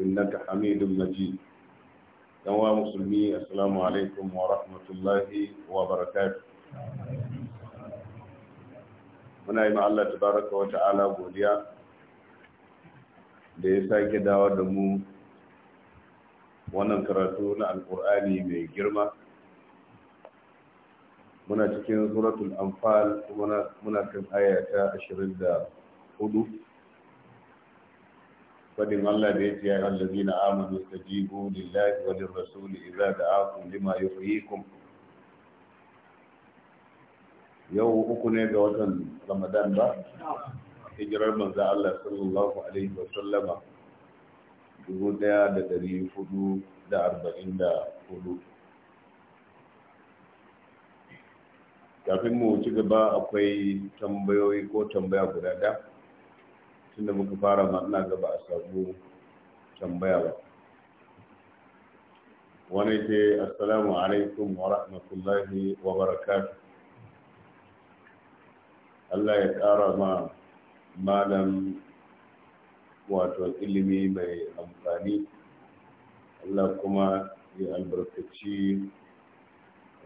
innaka hamidun majid dan wa musulmi assalamu alaikum wa rahmatullahi wa barakatuh muna yi Allah tabaraka wa ta'ala godiya da ya sake dawo da mu wannan karatu na alkur'ani mai girma muna cikin suratul anfal kuma muna kan aya ta 24 fadin Allah da ya ce ya allazina amanu istajibu lillahi wa lirrasuli idza da'akum lima yuhyikum yau uku ne ga watan Ramadan ba hijirar manzo Allah sallallahu alaihi wa sallama dubu daya da dari hudu da arba'in da hudu kafin mu ci gaba akwai tambayoyi ko tambaya guda ɗaya tunda muka fara ma ina ga a sabu tambaya ba wani ce assalamu alaikum wa rahmatullahi wa barakatuh Allah ya ƙara ma malam wato ilimi mai amfani Allah kuma ya albarkaci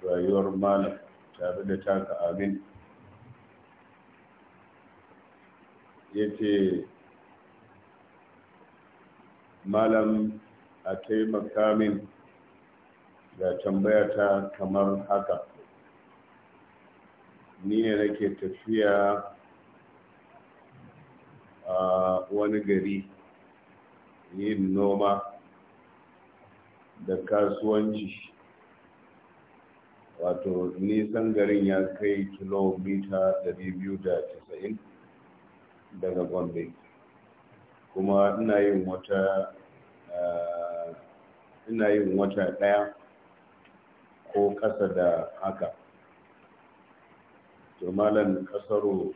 rayuwar malam tare da taka amin yace malam a taimaka min ga tambaya ta kamar haka ni ne nake tafiya a wani gari yin noma da kasuwanci wato nisan garin ya kai kilomita 290 daga gombe kuma ina yin wata eh, ina ɗaya ko ƙasa da haka to malam kasaro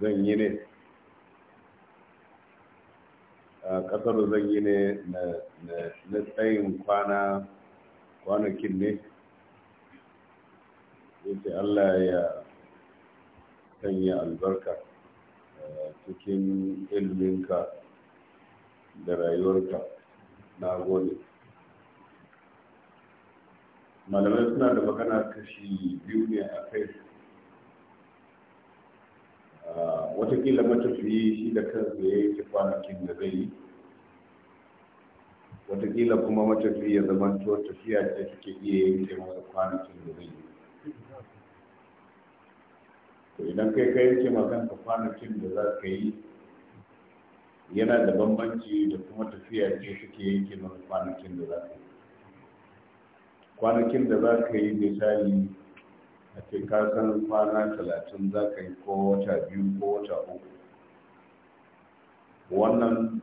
zan yi ne kasaro zan yi ne na tsayin kwana kwanakin ne yace allah ya sanya albarka eh, cikin ilminka da rayuwarka na gode malamai suna da magana kashi biyu ne a kai ah, watakila matafiyi shi da kansa ya yi kwanakin da zai yi watakila kuma matafiya zama tafiya ce take iya yin masa kwanakin da zai yi idan kai ka yanke makan kwanakin da za ka yi yana da bambanci da kuma tafiya ce suke yanke maka kwanakin da za ka yi kwanakin da za ka yi misali a ce ka san kwana talatin za ka yi ko wata biyu ko wata uku wannan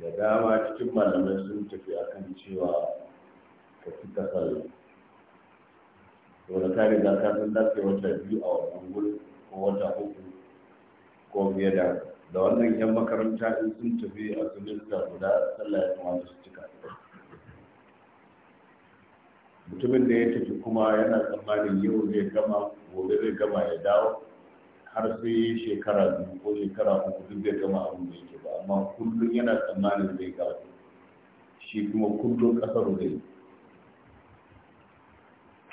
da dama cikin malamai sun tafi akan cewa ka fi kasar yau. da ka riga ka san za ka yi wata biyu a wannan gurin wata uku ko fiye da da wannan yan makaranta in sun tafi a semester guda sallah ya kamata su cika mutumin da ya tafi kuma yana tsammanin yau zai gama gobe zai gama ya dawo har sai shekara biyu ko shekara uku duk zai gama abin da yake ba amma kullum yana tsammanin zai gama shi kuma kullum kasar zai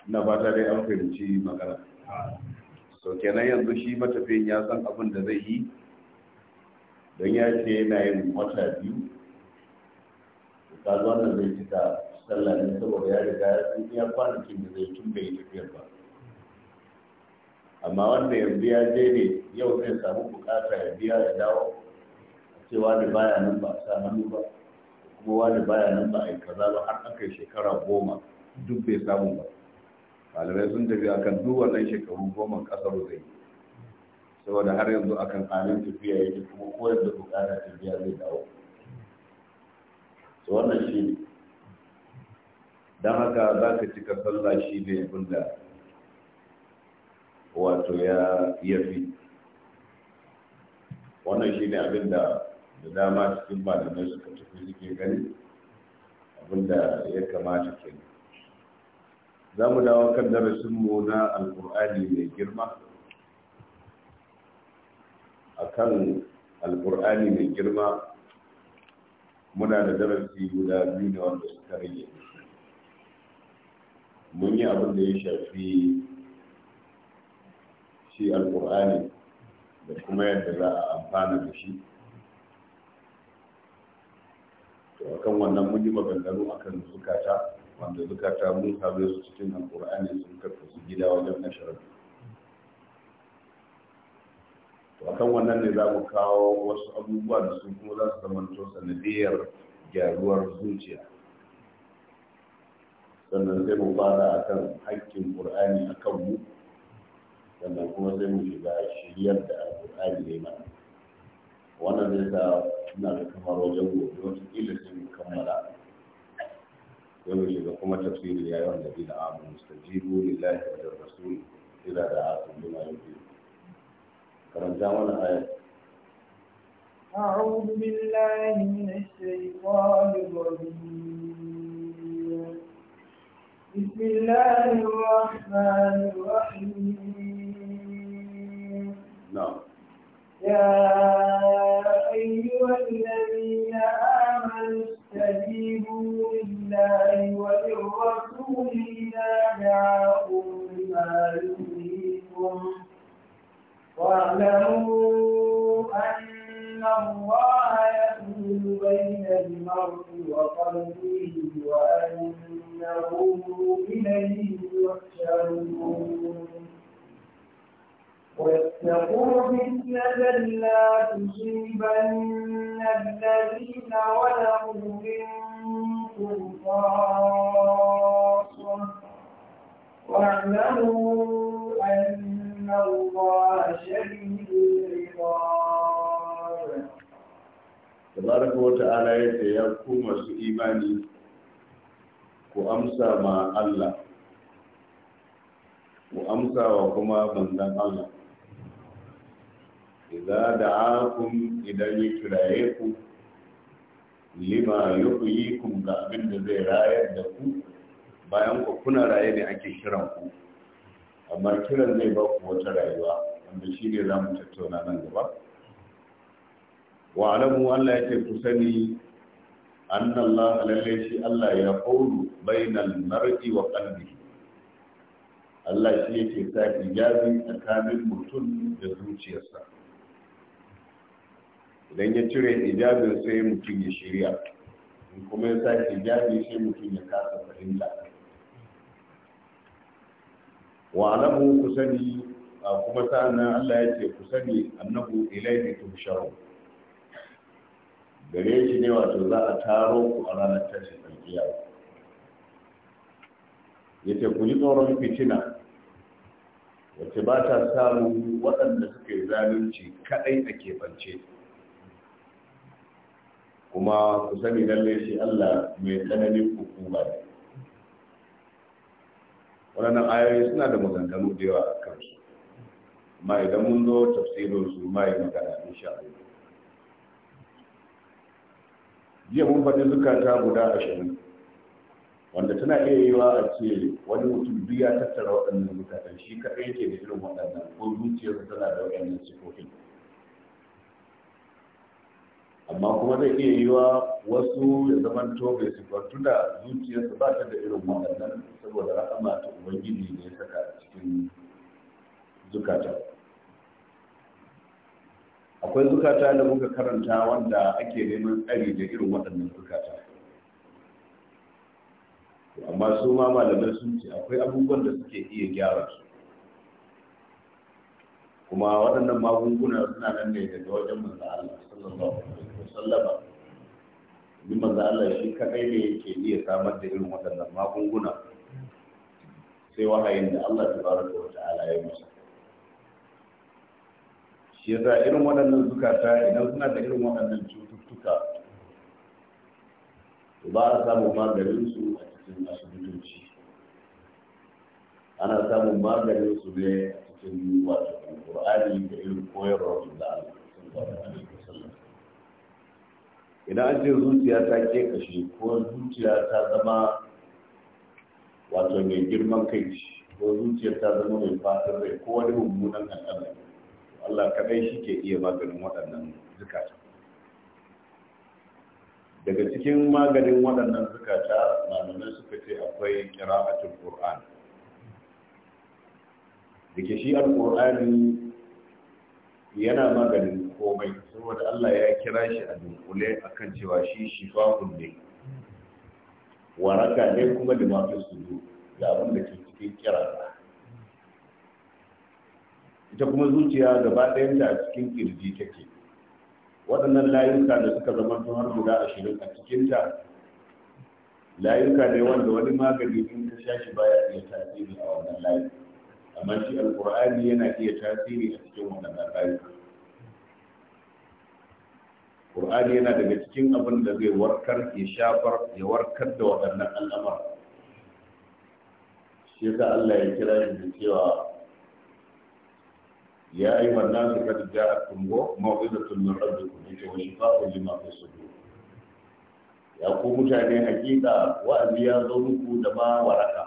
na fata dai an fahimci magana so kenan yanzu shi matafiyin ya san abin da zai yi don ya ce yana yin wata biyu ka zo wannan zai cika sallah ne saboda ya riga ya san iya kwanakin da zai tun bai tafiyar ba amma wanda yanzu ya je ne yau zai samu bukata ya biya ya dawo cewa da baya nan ba a sa hannu ba kuma wani baya nan ba a yi kaza ba har aka shekara goma duk bai samu ba Malamai sun tafi kan duk wannan shekaru goma ƙasar zai saboda har yanzu a akan halin tafiya yake kuma koyar da bukatar tafiya zai dawo to wannan shi ne don haka za ka cika sallah shi ne abin da wato ya fi wannan shi ne abin da da dama cikin malamai suka tafi suke gani da ya kamata kenan za mu dawo kan darasinmu na alkur'ani mai girma a kan alkur'ani mai girma muna da darasi guda biyu da wanda suka rage mun yi abin da ya shafi shi alkur'ani da kuma yadda za a amfana da shi to akan wannan mun yi maganganu akan zukata wanda zukata mun same su cikin alƙur'ani sun karfe su gida wajen ashirin to akan wannan ne za mu kawo wasu abubuwa da su kuma za su zamanto sanadiyar gyaruwar zuciya sannan sai mu fara akan haƙƙin ƙur'ani a mu sannan kuma sai mu shiga shiryar da alƙur'ani ne mana wannan zai sa ina da kamar wajen gobe wata ƙila sai mu kammala ويجيبكم تفسير يا ايها الذين امنوا استجيبوا لله وللرسول اذا دعاكم لما يريد فرجعونا ايه أعوذ بالله من الشيطان الرجيم بسم الله الرحمن الرحيم نعم يا أيها الذين آمنوا استجيبوا لله الرسول إذا دعاكم لما واعلموا أن الله يحول بين المرء وقلبه وأنه إليه يحشرون واتقوا فتنة لا تصيبن الذين ولوا منكم Tabarakawa ta ala ya ce ya ku masu imani ku amsa ma Allah, ku amsa wa kuma bandan Allah, idan da'akun idan yi kiraye ku. lima kun ga abin da zai rayar da ku bayan ku kuna raye ne ake kiran ku amma kiran zai ba ku wata rayuwa wanda shi ne za mu tattauna nan gaba wa alamu Allah yake ku sani annallah lalle shi Allah ya qawlu bainal mar'i wa qalbihi Allah shi yake sa hijabi tsakanin mutum da zuciyarsa idan ya cire ijabin sai mutum ya shirya kuma ya sa ijabi sai mutum ya kasa fahimta wa alamu ku sani kuma sa'annan Allah ya ce ku sani annahu ilaihi tusharu gare shi ne wato za a taro ku a ranar tashi tsakiya ya ce ku ji tsoron fitina wacce ba ta samu waɗanda suka yi zalunci kaɗai a keɓance kuma ku sani lalle shi Allah mai tsananin hukuma ne waɗannan ayoyi suna da maganganu da yawa a kansu amma idan mun zo tafsirin su ma magana insha Allah jiya mun faɗi zukata guda ashirin wanda tana iya yi wa a ce wani mutum duk ya tattara waɗannan zukatan shi kaɗai yake da irin waɗannan ko zuciyarsa tana da waɗannan sifofin amma kuma zai iya yi wa wasu ya zama tobe su kwantu da zuciyarsa ba ta da irin waɗannan saboda rahama ta ubangiji ne ya saka a cikin zukata akwai zukata da muka karanta wanda ake neman tsari da irin waɗannan zukata amma su ma malamai sun ce akwai abubuwan da suke iya gyara su kuma waɗannan magunguna suna nan ne daga wajen manzo Allah sallallahu alaihi wasallama ni manzo Allah shi kadai ne yake iya samar da irin waɗannan magunguna sai wahayin da Allah tabaraka wa ta'ala ya masa shi yasa irin waɗannan zukata idan suna da irin waɗannan cututtuka ba a samun maganinsu a cikin asibitoci ana samun maganin su ne a cikin wato Qur'ani da irin koyarwa da Allah idan zuciya ta ke kashe ko zuciya ta zama wato mai girman kai ko zuciya ta zama mai fatan rai ko wani mummunan al'amari Allah kaɗai shi ke iya maganin waɗannan zukata daga cikin maganin waɗannan zukata malamai suka ce akwai kira'atul Qur'ani. da ke shi alƙur'ani yana maganin komai saboda Allah ya kira shi a dunkule akan cewa shi shifa'un ne waraka ne kuma da mafi sudu da abin da ke cikin kira ita kuma zuciya gaba ɗayanta a cikin kirji take waɗannan layuka da suka zama sun har guda ashirin a cikinta layuka ne wanda wani magani in ka sha shi baya iya tasiri a wannan layuka amma shi alkur'ani yana iya tasiri a cikin waɗannan ayyuka Qur'ani yana daga cikin abin da zai warkar ya shafar ya warkar da waɗannan al'amar shi yasa Allah ya kira shi da cewa ya yi wannan su kada ja'akum wa mawidatu min rabbikum yake wa shifa'u ma fi sudur ya ku mutane hakika wa'azi ya zo muku da ba waraka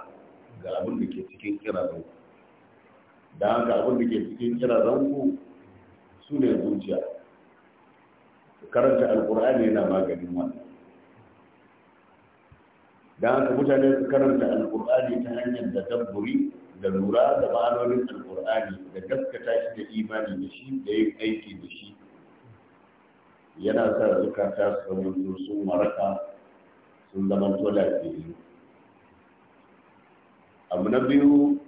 ga abin da ke cikin kirazinku da haka abin da ke cikin kira zanku su ne zuciya karanta alkur'ani yana maganin wannan da haka mutane su karanta alkur'ani ta hanyar da dabburi da lura da ma'anonin alkur'ani da gaskata shi da imani da shi da yin aiki da shi yana sa zukata su zama sun maraka sun zama lafiya abu na biyu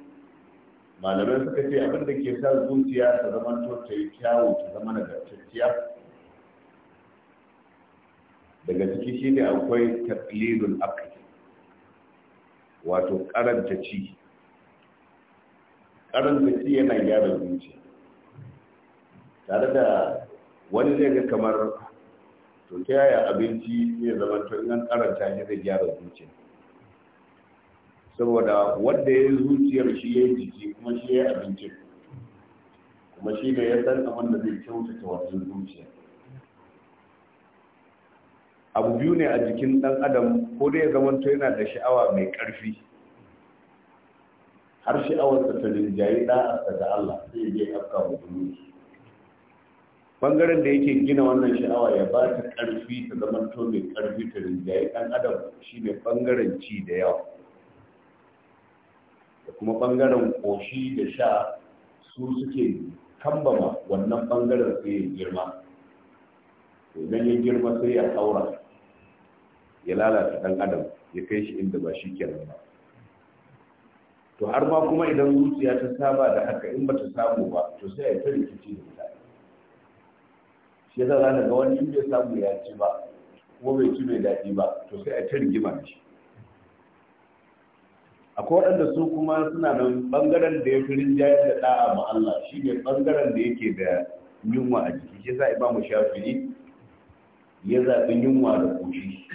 malamai suka ce abin da ke sa zuciya ta zama ta yi kyawu ta zama nagartacciya daga ciki shi ne akwai taqlidul aql wato karanta ci karanta ci yana gyara zuciya tare da wani zai ga kamar to ta yaya abinci ne zama to in an karanta shi zai gyara zuciya saboda wanda ya zuciyar shi ya jiki kuma shi ya abincin kuma shi da ya san abin da zai kyautata wajen zuciya abu biyu ne a jikin ɗan adam ko dai ya zamanto yana da sha'awa mai ƙarfi har da ta rinjayi ɗa'arsa da Allah sai ya je afka mu zuciya bangaren da yake gina wannan sha'awa ya ba ta ƙarfi ta zamanto mai ƙarfi ta rinjaye, ɗan adam shi ne bangaren ci da yawa da kuma bangaren koshi da sha su suke kambama wannan bangaren sai ya girma idan ya girma sai ya haura ya lalata dan adam ya kai shi inda ba shi kenan ba to har ma kuma idan zuciya ta saba da haka in ba ta samu ba to sai ya ta rikici da mutane shi yasa ga wani in bai samu ya ci ba kuma bai ci mai daɗi ba to sai a ta rigima shi akwai waɗanda su kuma suna da ɓangaren da ya fi rinjayar da ɗa'a ma Allah shi ne ɓangaren da yake da yunwa a jiki shi sa imamu shafi'i ya zaɓi yunwa da koshi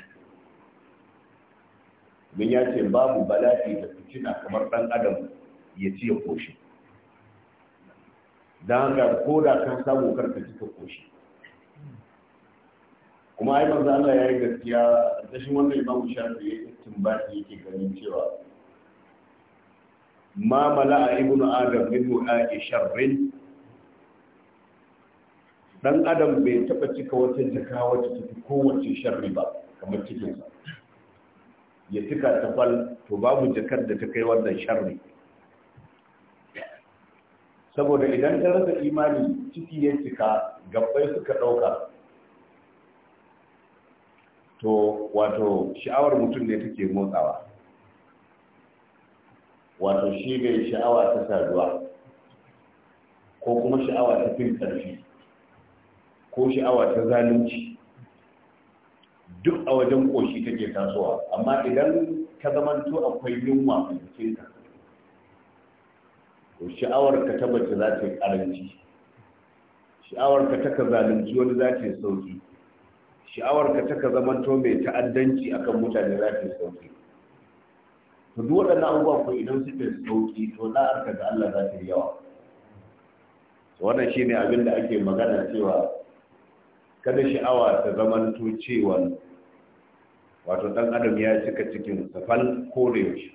min ya ce babu bala'i da fitina kamar ɗan adam ya ci ya koshi don haka ko da kan samu karka ci ka koshi kuma ai manzo Allah ya yi gaskiya a tashin wannan imamu shafi'i istinbati yake ganin cewa ma mala'a ibnu adam min du'a'i sharrin dan adam bai taba cika wata jaka wacce take kowace sharri ba kamar cikin sa ya cika ta fal to babu jakar da ta kai wannan sharri saboda idan ta rasa imani ciki ya cika gabbai suka dauka to wato sha'awar mutum ne take motsawa wato shi bai sha'awa ta saduwa ko kuma sha'awa ta fin ƙarfi ko sha'awa ta zalunci duk a wajen ƙoshi take tasowa amma idan ka to akwai yunwa a jikinka to sha'awar ka tabbata za ta yi ƙaranci sha'awar ka taka zalunci wani za ta yi sauki sha'awar ka taka to mai ta'addanci akan mutane za ta yi sauki to duk waɗannan abubuwa ko idan suka sauki to arka da Allah za ta yi yawa wannan shine abin da ake magana cewa kada sha'awa ta to cewa wato ɗan adam ya cika cikin safal ko da yaushe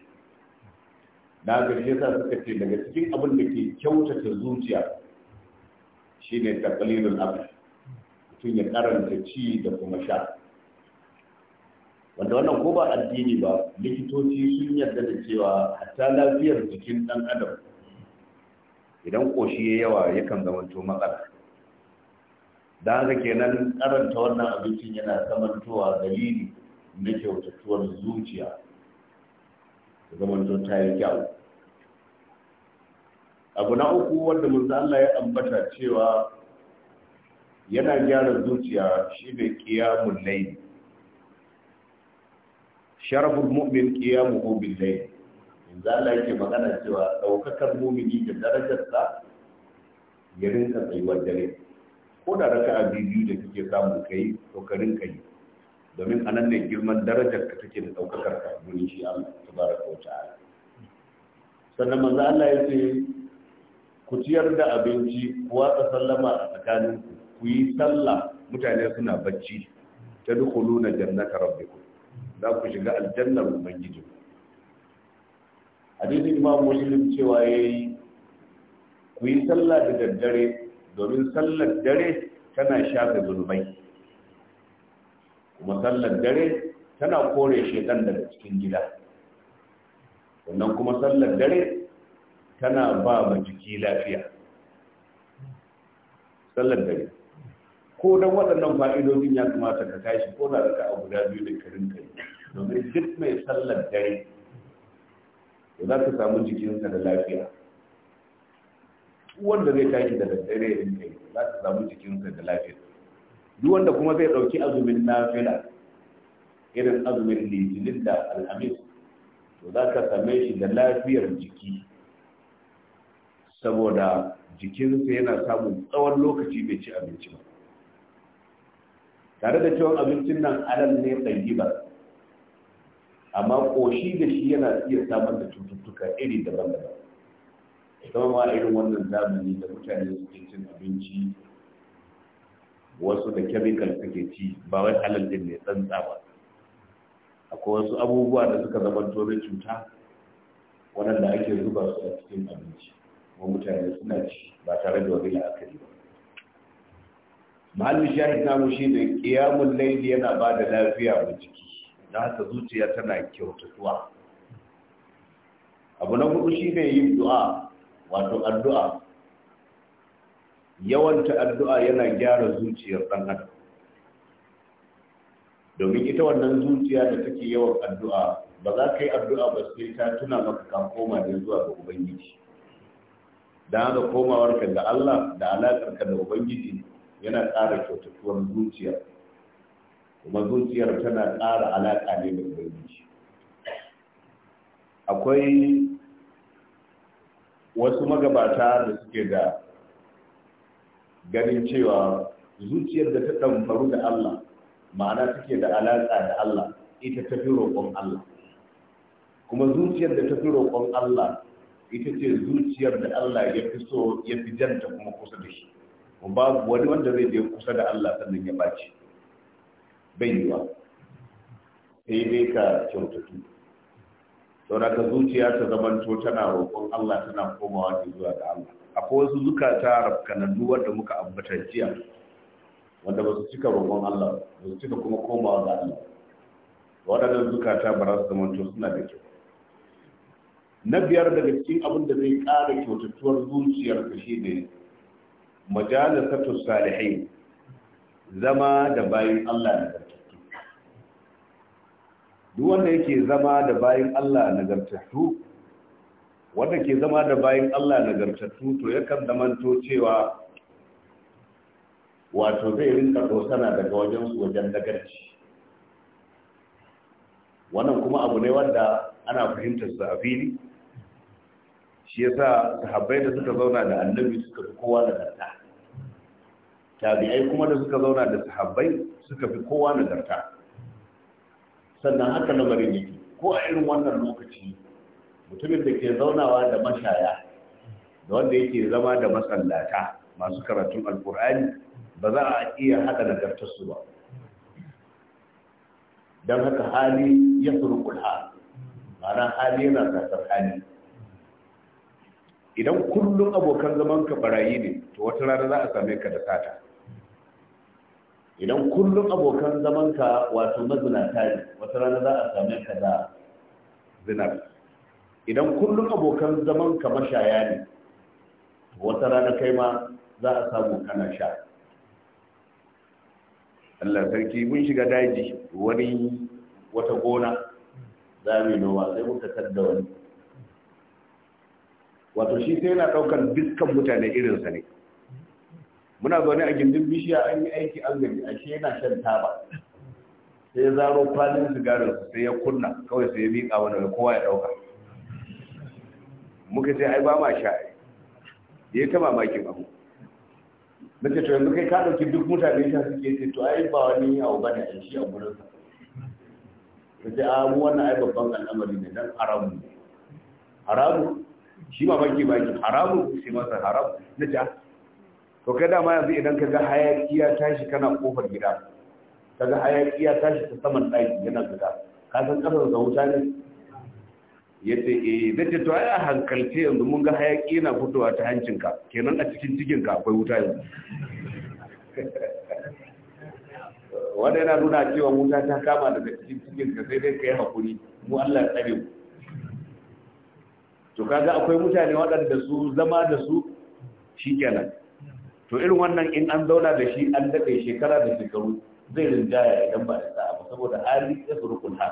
na ga shi suka ce daga cikin abin da ke kyautata zuciya shine taqlilul abd mutum ya karanta ci da kuma sha wanda wannan ko ba addini ba likitoci sun yarda da cewa hatta lafiyar jikin ɗan adam idan ƙoshi ya yawa yakan to matsala da haka kenan karanta wannan abincin yana samantowa dalili na kyautattuwar zuciya ta zamanto ta yi kyau abu na uku wanda mun Allah ya ambata cewa yana gyara zuciya shi ne qiyamul layl sharaful mu'min qiyamuhu bil layl za Allah yake magana cewa daukakar mu'mini da darajarsa ya rinka tsayuwar dare ko da a biyu da kake samu kai to ka rinka yi domin anan ne girman darajar ka take da daukakar ka mun shi Allah tabaraka wa ta'ala sannan manzo Allah ya ce ku ciyar da abinci ku watsa sallama a tsakaninku ku yi sallah mutane suna bacci ta dukuluna jannata rabbikum za ku shiga aljannar ubangiji hadisi imam muslim cewa yayi ku yi sallah da daddare domin sallar dare tana shafe zulmai kuma sallar dare tana kore shedan daga cikin gida wannan kuma sallar dare tana ba ma jiki lafiya sallar dare ko don waɗannan fa'idodin ya kamata ka tashi ko da ka abu da biyu da karin kai domin duk mai sallar dare da za ka samu jikinsa da lafiya wanda zai tashi da daddare ya kai za ka samu jikinsa da lafiya duk wanda kuma zai ɗauki azumin nafila irin azumin litinin da alhamis to za ka same shi da lafiyar jiki saboda jikinsa yana samun tsawon lokaci bai ci abinci ba tare da cewa abincin nan alal ne ba amma koshi da shi yana iya samar da cututtuka iri daban-daban ita ma irin wannan zamani da mutane suke cin abinci wasu da chemical suke ci ba wai halal din ne tsantsa ba akwai wasu abubuwa da suka zama na cuta waɗanda ake zuba su a cikin abinci kuma mutane suna ci ba tare da wani la'akari ba mahallin shahid namu shi ne ƙiyamun laili yana ba da lafiya wa jiki da haka zuciya tana kyautatuwa abu na hudu shi ne yin du'a wato addu'a yawanta addu'a yana gyara zuciyar ɗan adam domin ita wannan zuciya da take yawan addu'a ba za ka yi addu'a ba sai ta tuna maka ka koma ne zuwa ga ubangiji don haka komawarka da Allah da alaƙarka da ubangiji yana ƙara kyautatuwar zuciya kuma zuciyar tana ƙara alaƙa ne da ubangiji akwai wasu magabata da suke da ganin cewa zuciyar da ta ɗanfaru da Allah ma'ana take da alaƙa da Allah ita ta fi roƙon Allah kuma zuciyar da ta fi roƙon Allah ita ce zuciyar da Allah ya fi so ya fi janta kuma kusa da shi babu wani wanda zai je kusa da Allah sannan ya bace bai yi ba sai dai ka kyautatu saboda ka zuciya ta to tana roƙon Allah tana komawa ne zuwa ga Allah akwai wasu zukata rafkanannu wanda muka ambata jiya wanda ba su cika roƙon Allah ba su cika kuma komawa ga Allah waɗannan zukata ba za su to suna da kyau na biyar daga cikin abin da zai ƙara kyautatuwar zuciyar ka shi ne majalisatu salihin zama da bayin Allah nagartattu duk wanda yake zama da bayin Allah nagartattu wanda ke zama da bayin Allah nagartattu to yakan zamanto cewa wato zai rinka dosana daga wajen su wajen nagarci wannan kuma abu ne wanda ana fahimtar su a fili shi yasa sahabbai da suka zauna da annabi suka fi kowa da nagarta tabi'ai kuma da suka zauna da sahabbai suka fi kowa nagarta sannan haka bari yake ko a irin wannan lokaci mutumin da ke zaunawa da mashaya da wanda yake zama da masallata masu karatun alkur'ani ba za a iya haɗa nagartarsu ba don haka hali ya furukul kulha ma'ana hali yana gasar hali idan kullum abokan zaman ka barayi ne to wata rana za a same ka da sata idan kullum abokan zamanka wato mazinata ne wata rana za a same ka da zinar idan kullum abokan zamanka mashaya ne wata rana kai ma za a samu kana sha Allah sarki mun shiga daji wani wata gona za mu yi noma sai muka tadda wani wato shi sai yana ɗaukar dukkan mutane irinsa ne muna zaune a gindin bishiya an yi aiki an a shi yana shan taba sai ya zaro kwanin sigarin sai ya kunna kawai sai ya miƙa wani da kowa ya ɗauka muka sai ai ba ma sha ya ta mamakin abu na ce to yanzu kai ka ɗauki duk mutane sha suke ce to ai ba wani abu ba ne a shi a gurinsa ta ce a mu wannan ai babban al'amari ne dan haramu haramu shi mamaki baki haramu sai masa haramu na ce ah, to kai dama yanzu idan ka ga hayaki ya tashi kana kofar gida ka ga hayaki ya tashi ta saman ɗaki yana gida ka san kasar da wuta ne ya ce eh da ce to ai a hankalce yanzu mun ga hayaki yana fitowa ta hancinka kenan a cikin cikinka akwai wuta yanzu wanda yana nuna cewa wuta ta kama daga cikin cikinka sai dai ka yi haƙuri mu Allah ya tsare mu to kaga akwai mutane waɗanda su zama da su shikenan to irin wannan in an zauna da shi an daɗe shekara da shekaru zai rinjaya idan ba da sa'a ba saboda hali ya surukun ha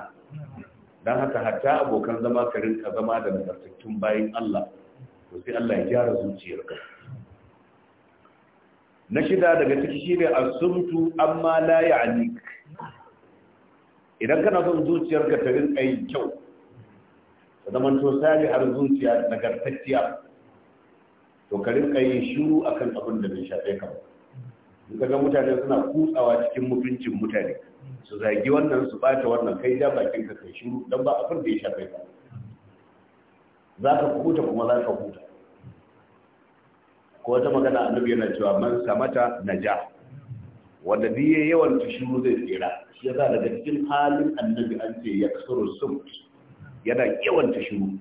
don haka hatta abokan zama ka rinka zama da nagartattun bayan Allah to sai Allah ya gyara zuciyarka na shida daga ciki shine asumtu amma la ya'nik idan kana son zuciyarka ta rinka yin kyau ta zamanto har zuciya nagartacciya to ka rinka yin shiru akan abin da bai shafe ka ba in ka ga mutane suna kutsawa cikin mutuncin mutane su zagi wannan su bata wannan kai ja bakin ka kai shiru dan ba abin da ya shafe ka za ka huta kuma za ka huta ko wata magana annabi yana cewa man samata naja wanda duk yawan yawan shiru zai tsira shi yasa daga cikin halin annabi an ce ya kasar sumt yana yawan shiru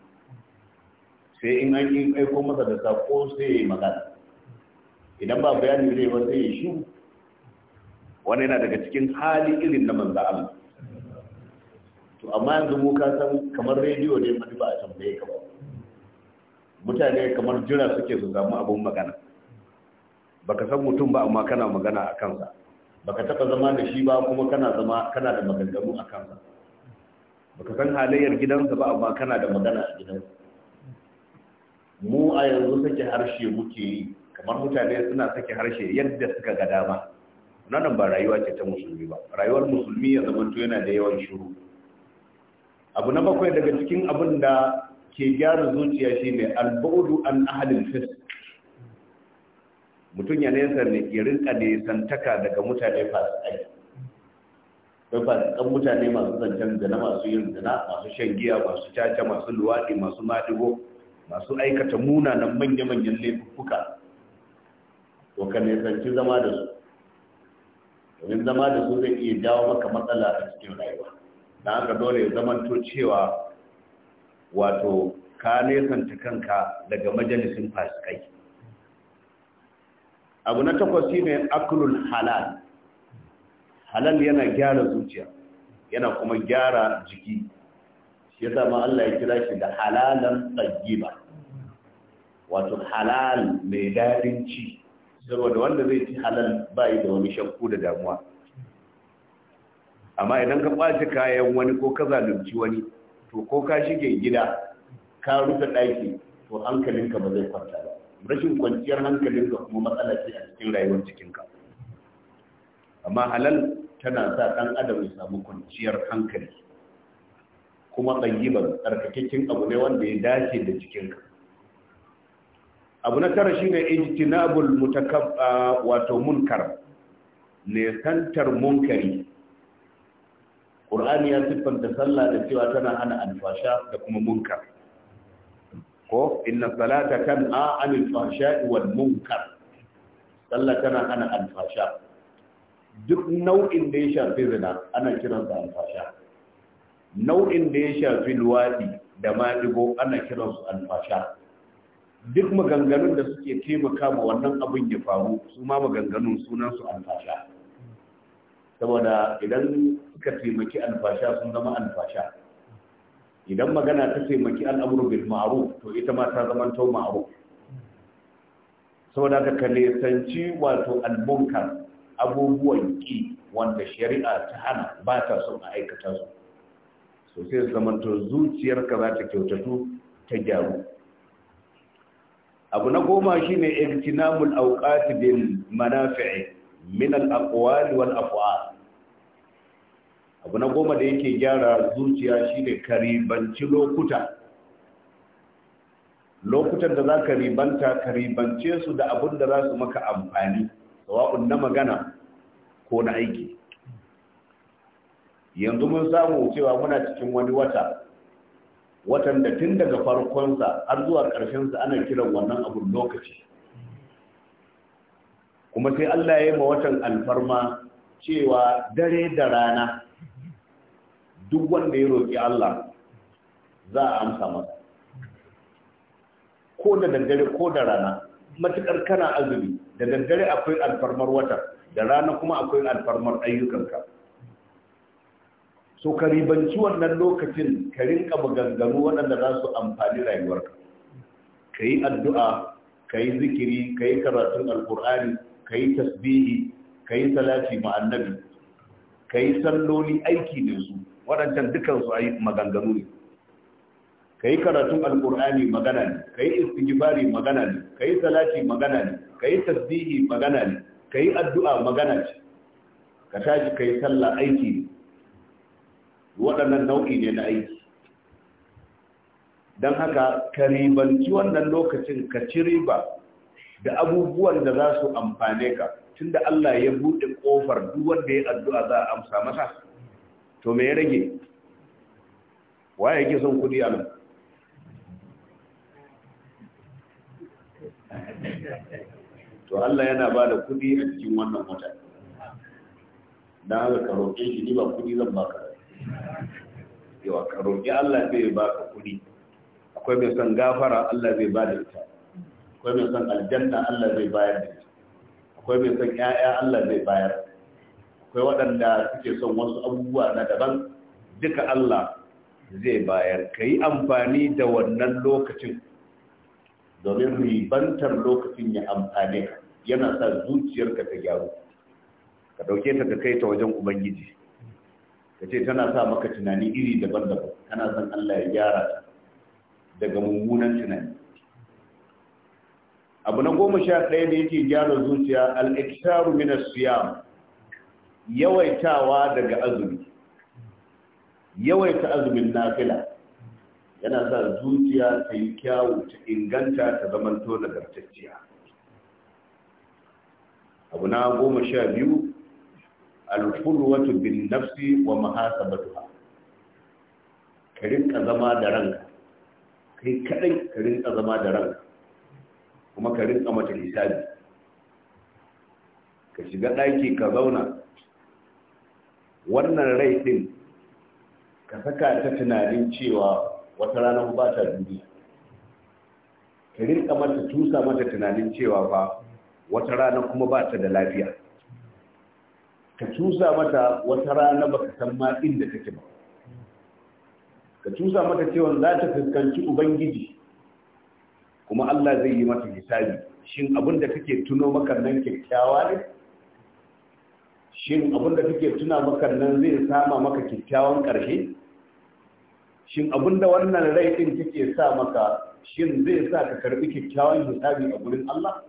sai in an yi aiko masa da sako sai ya yi magana idan ba bayani zai ba sai ya shi wani yana daga cikin hali irin na manza Allah to amma yanzu mu ka san kamar rediyo ne mani ba a tambaye ka ba mutane kamar jira suke su samu abun magana baka san mutum ba amma kana magana a kansa baka taba zama da shi ba kuma kana zama kana da maganganu a kansa baka san halayyar gidansa ba amma kana da magana a gidansa mu a yanzu sake harshe muke yi kamar mutane suna sake harshe yadda suka ga dama nan ba rayuwa ce ta musulmi ba rayuwar musulmi ya zama to yana da yawan shiru abu na bakwai daga cikin abin da ke gyara zuciya shi ne albaudu an ahalin fisk mutum ya nesa ne ke rinka santaka daga mutane fasikai don fasikan mutane masu zancen zana masu yin zana masu shan giya masu caca masu luwaɗi masu madigo masu aikata munanan manya-manyan laifuka to ka nisanci zama da su domin zama da su zai iya jawo maka matsala a cikin rayuwa don haka dole ya zamanto cewa wato ka nesanta kanka daga majalisin fasikai abu na takwas shi ne akulun halal halal yana gyara zuciya yana kuma gyara jiki shi ya ma Allah ya kira shi da halalan tsagiba wato halal mai daɗin ci saboda wanda zai ci halal yi da wani shakku da damuwa amma idan ka kwace kayan wani ko ka zalunci wani to ko ka shige gida ka rufe ɗaki to hankalinka ba zai kwanta ba rashin kwanciyar hankalinka kuma matsala ce a cikin rayuwar cikinka amma halal tana sa ɗan adam ya samu kwanciyar hankali kuma ɗanyi ba abu ne wanda ya dace da jikinka abu na tara shine ijtinabul mutakabb wato munkar ne santar munkari Qur'ani ya siffanta sallah da cewa tana hana alfasha da kuma munkar ko inna salata tan'a 'anil fahsha'i wal munkar sallah tana hana alfasha duk nau'in da ya shafi zina ana kiran kiransa alfasha nau'in da ya shafi luwadi da maɗigo ana kiran su alfasha duk maganganun da suke taimaka ma wannan abin ya faru su ma maganganun sunansu alfasha saboda idan suka taimaki alfasha sun zama alfasha idan magana ta taimaki al'amuru bil ma'ruf to ita ma ta zama to ma'ruf saboda ka kalle sanci wato al-munkar abubuwan ki wanda shari'a ta hana ba ta son a aikata su sosai sai zamanto zuciyarka za ta kyautatu ta gyaru abu na goma shine ijtinamul awqat bil manafi'i min al aqwal wal af'al abu na goma da yake gyara zuciya shine karibanci lokuta lokutan da za ka ribanta ka su da abun da za su maka amfani sawa'un na magana ko na aiki yanzu mun samu cewa muna cikin wani wata watan da tun daga farkonsa har zuwa ƙarshensa ana kiran wannan abun lokaci kuma sai Allah ya yi ma watan alfarma cewa dare da rana duk wanda ya roƙi Allah za a amsa masa ko da daddare ko da rana matuƙar kana azumi da daddare akwai alfarmar watan da rana kuma akwai alfarmar ayyukanka so ka ribanci wannan lokacin ka rinka maganganu waɗanda za su amfani rayuwarka ka yi addu'a ka yi zikiri ka yi karatun alkur'ani ka yi tasbihi ka yi salati ma annabi ka yi salloli aiki da su waɗancan dukansu su ayi maganganu ne ka yi karatun alkur'ani magana ne ka yi istighfari magana ne ka yi salati magana ne ka yi tasbihi magana ne ka yi addu'a magana ce ka tashi ka yi sallah aiki ne waɗannan nau'i ne na aiki don haka ka ribanci wannan lokacin ka ci riba da abubuwan da za su amfane ka tunda Allah ya buɗe ƙofar duk wanda ya addu'a za a amsa masa to me ya rage waye ke son kudi a nan to Allah yana ba da kudi a cikin wannan wata don haka ka roƙe shi ni ba kudi zan baka yawa ka roƙi Allah zai ba ka kuɗi akwai mai son gafara Allah zai ba da ita akwai mai son aljanna Allah zai bayar da ita akwai mai son ƴaƴa Allah zai bayar akwai waɗanda suke son wasu abubuwa na daban duka Allah zai bayar ka yi amfani da wannan lokacin domin ribantar lokacin ya amfane ka yana sa zuciyarka ta gyaru ka ɗauke ta da kai ta wajen ubangiji ka ce tana sa maka tunani iri daban-daban kana san Allah ya gyara ta daga mummunan tunani abu na goma sha ɗaya da yake gyara zuciya al'iktaru minas siyam yawaitawa daga azumi yawaita azumin nafila yana sa zuciya ta yi kyawu ta inganta ta zamanto nagartacciya abu na goma sha biyu alhulwatu bin nafsi wa muhasabatuha ka rinka zama da ranka kai kadai ka rinka zama da ranka kuma ka rinka mata hisabi ka shiga daki ka zauna wannan rai din ka saka ta tunanin cewa wata rana ba ta duniya ka rinka mata tusa mata tunanin cewa ba wata rana kuma ba ta da lafiya ka cusa mata wata rana baka san ma inda take ba ka cusa mata cewa za ta fuskanci ubangiji kuma Allah zai yi mata hisabi shin abin da kake tuno maka nan kyakkyawa ne shin abin da kake tuna maka nan zai sama maka kyakkyawan ƙarshe shin abin da wannan rai din take sa maka shin zai sa ka karbi kyakkyawan hisabi a gurin Allah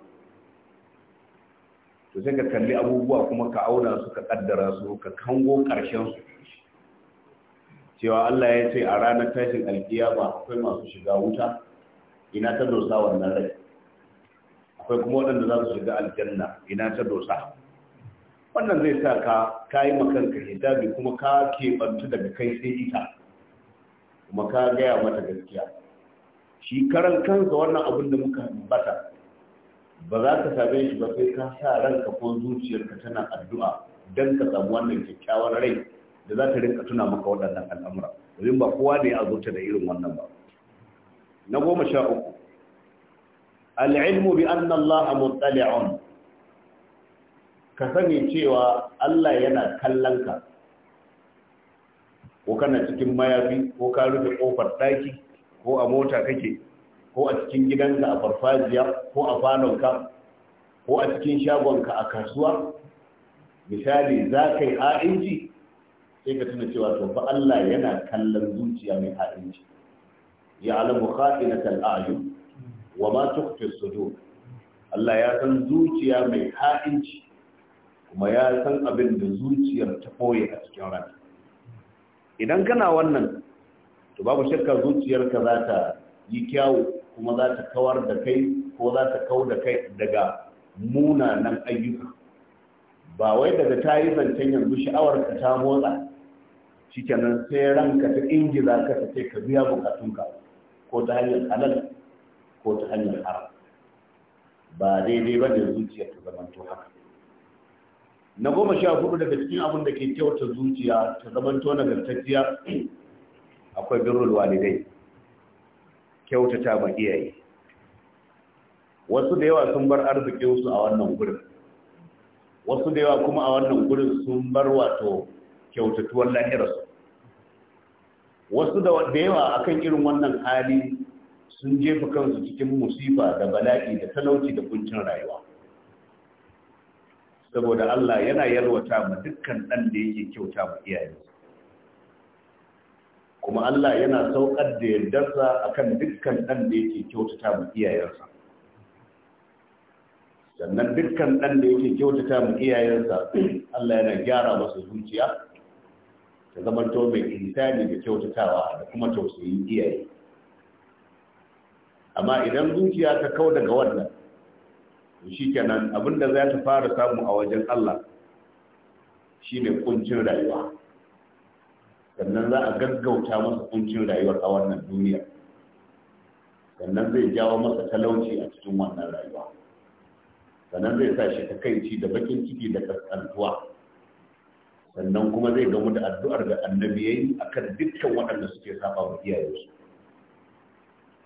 to sai ka kalli abubuwa kuma ka auna su ka kaddara su ka kango karshen su cewa Allah ya ce a ranar tashin alkiyama akwai masu shiga wuta ina ta dosa wannan rai akwai kuma waɗanda za su shiga aljanna ina ta dosa wannan zai sa ka kayi makanka hijabi kuma ka keɓantu daga kai sai ita kuma ka gaya mata gaskiya shi karan kansa wannan abin da muka bata ba za ka same shi ba sai ka sa ranka ko zuciyarka tana addu'a dan ka samu wannan kyakkyawar rai da za ta rinka tuna maka waɗannan al'amura domin ba kowa ne ya zo ta da irin wannan ba na goma sha uku al'ilmu bi anna a muttali'un ka sani cewa Allah yana kallon ka ko kana cikin mayafi ko ka rufe kofar ɗaki ko a mota kake ko a cikin gidanka a farfajiya ko a fanonka ko a cikin shagonka a kasuwa misali za ka yi ha'inci sai ka tuna cewa to fa Allah yana kallon zuciya mai ha'inci ya alamu kha'inatal a'yun wa ma tukhfi sudur Allah ya san zuciya mai ha'inci kuma ya san abin da zuciyar ta koye a cikin rana. idan kana wannan to babu shakka zuciyarka za ta yi kyawu kuma za ta kawar da kai ko za ta kau da kai daga munanan ayyuka ba wai daga ta yi zancen yanzu sha'awar ka ta motsa kenan sai ranka ta ingiza ka ta ce ka biya bukatunka ko ta hanyar halal ko ta hanyar haram ba daidai ba ne zuciya ta to haka na goma sha hudu daga cikin abin da ke kyauta zuciya ta zamanto nagartacciya akwai birrul walidai kyautata ma iyaye wasu da yawa sun bar arzikinsu a wannan gurin wasu da yawa kuma a wannan gurin sun bar wato kyautatuwar lahirarsu wasu da yawa akan irin wannan hali sun jefa kansu cikin musifa da bala'i da talauci da kuncin rayuwa saboda Allah yana yalwata ma dukkan ɗan da yake kyauta ma iyayensu kuma Allah yana saukar da yardarsa akan dukkan ɗan da yake kyautata mu iyayensa sannan dukkan ɗan da yake kyautata mu iyayensa Allah yana gyara masa zuciya ta zamanto mai insani da kyautatawa da kuma tausayin iyaye amma idan zuciya ta kau daga wannan shi kenan abinda za ta fara samu a wajen Allah shine kuncin rayuwa sannan za a gaggauta masa kuncin rayuwar a wannan duniya sannan zai jawo masa talauci a cikin wannan rayuwa sannan zai sa shi takaici da bakin ciki da kaskantuwa sannan kuma zai gamu da addu'ar da annabi ya yi a kan dukkan waɗanda suke saba wa iyayensu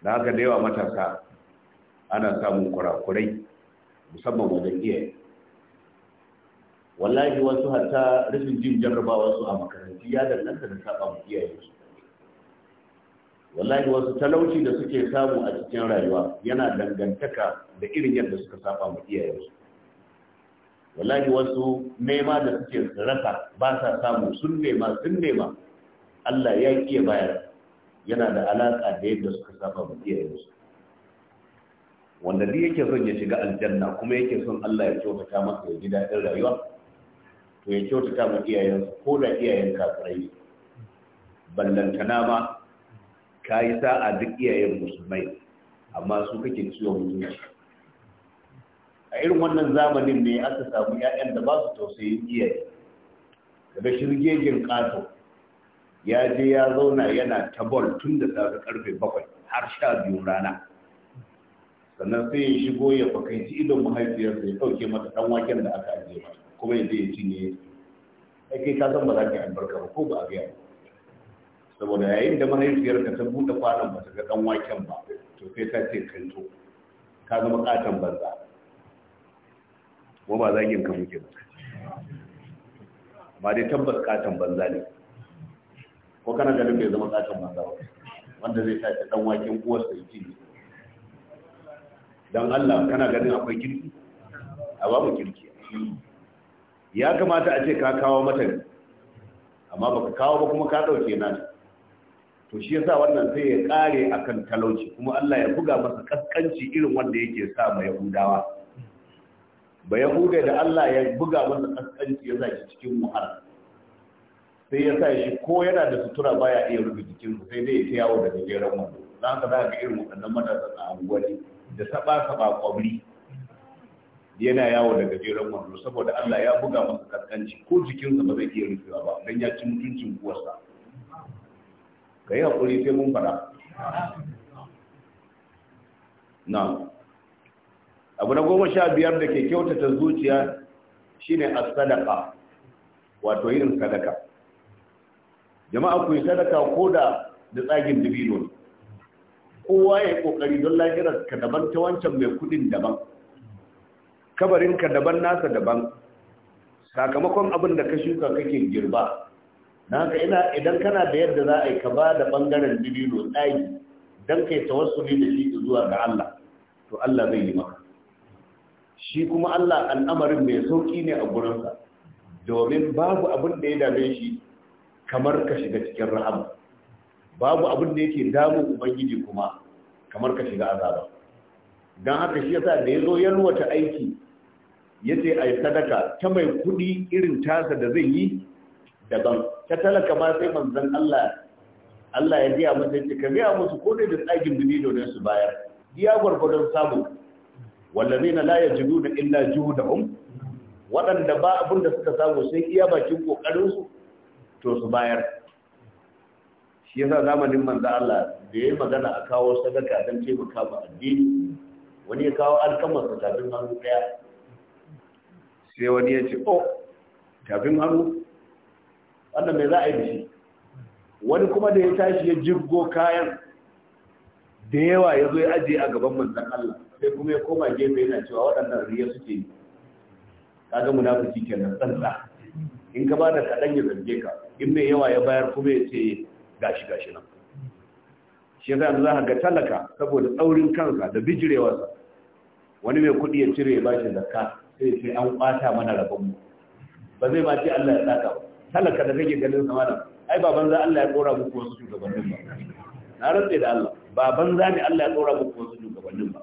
da haka da yawa matasa ana samun kurakurai musamman wajen iyaye wallahi wasu hatta rashin jin jarrabawarsu a makarantu ya danganta da saba mu iyayensu wallahi wasu talauci da suke samu a cikin rayuwa yana dangantaka da irin yadda suka saba mu iyayensu wallahi wasu nema da suke rasa ba sa samu sun nema sun nema Allah ya kiye bayar yana da alaka da yadda suka saba mu iyayensu wanda duk yake son ya shiga aljanna kuma yake son Allah ya kyautata masa ya ji daɗin rayuwa to ya kyautata ma iyayensu ko da iyayen kafirai ballantana ma ka yi sa'a duk iyayen musulmai amma su kake ciwon mutunci a irin wannan zamanin ne aka samu 'ya'yan da ba su tausayin iyaye daga shirgegen ƙato ya je ya zauna yana ta tun da safe karfe bakwai har sha biyu rana sannan sai ya shigo ya fakaici idon mahaifiyarsa ya ɗauke mata ɗan waken da aka ajiye mata kuma ya zai cinye ake ka san ba za ka yi albarka ba ko ba a biya saboda yayin da ka ta buɗe kwanan ba ta ga ɗan waken ba to sai ta ce kanto ka zama katon banza ko ba za ka muke ba amma dai tabbas katon banza ne ko kana ganin bai zama katon banza ba wanda zai sa ɗan waken uwarsa ya cinye don Allah kana ganin akwai kirki a babu kirki ya kamata a ce ka kawo mata ne amma baka kawo ba kuma ka ɗauke na to shi yasa wannan sai ya ƙare akan talauci kuma Allah ya buga masa kaskanci irin wanda yake sa ma Yahudawa ba Yahuda da Allah ya buga masa kaskanci ya sa shi cikin muhar sai ya sa shi ko yana da sutura baya iya rufe jikin jikinsa sai dai ya ta yawo da gajeren wando za ka za ka irin waɗannan matasa a unguwanni da saba saba kwabri yana yawo da gajeren wando saboda Allah ya buga masa kaskanci ko jikinsa ba zai iya rufewa ba don ya ci mutuncin kuwarsa ka yi haƙuri sai mun fara na abu na goma sha biyar da ke kyautata zuciya shine a sadaka wato yin sadaka jama'a ku yi sadaka ko da da tsagin ne kowa ya yi kokari don lafiyar ka daban ta wancan mai kuɗin daban kabarinka daban nasa daban sakamakon abin da ka shuka kake girba na ka ina idan kana da yadda za a yi ka ba da bangaren dibino ɗaya don kai tawassuli da shi zuwa ga Allah to Allah zai yi maka shi kuma Allah al'amarin mai sauƙi ne a gurinsa domin babu abin da ya dame shi kamar ka shiga cikin rahama babu abin da yake damu ubangiji kuma kamar ka shiga azaba don haka shi yasa da ya zo yalwata aiki yace ce a yi sadaka ta mai kuɗi irin tasa da zai yi daban ta talaka ma sai manzan Allah Allah ya biya masa ce ka biya musu ko da tsagin da ne su bayar iya gurgurun samu wallazina la yajiduna illa juhudahum Wadanda ba abun da suka samu sai iya bakin kokarin su to su bayar shi yasa zamanin manzon Allah da yayi magana a kawo sadaka dan taimaka ba addini wani ya kawo alkamar sa tafin hannu daya sai wani ya ce oh tafin hannu wannan mai za a yi da shi wani kuma da ya tashi ya jirgo kayan da yawa ya zo ya ajiye a gaban manzan Allah sai kuma ya koma gefe yana cewa waɗannan riya suke yi kaga munafiki kenan tsantsa in ka bada kaɗan ya zarge ka in mai yawa ya bayar kuma ya ce gashi gashi nan shi yasa za ka ga talaka saboda tsaurin kansa da bijirewarsa wani mai kuɗi ya cire ya bashi zakka sai sai an kwata mana rabon mu ba zai ba ce Allah ya tsaka ba talaka da kake ganin sa malam ai ba banza Allah ya tsora muku wasu shugabannin ba na rantse da Allah ba banza ne Allah ya tsora muku wasu shugabannin ba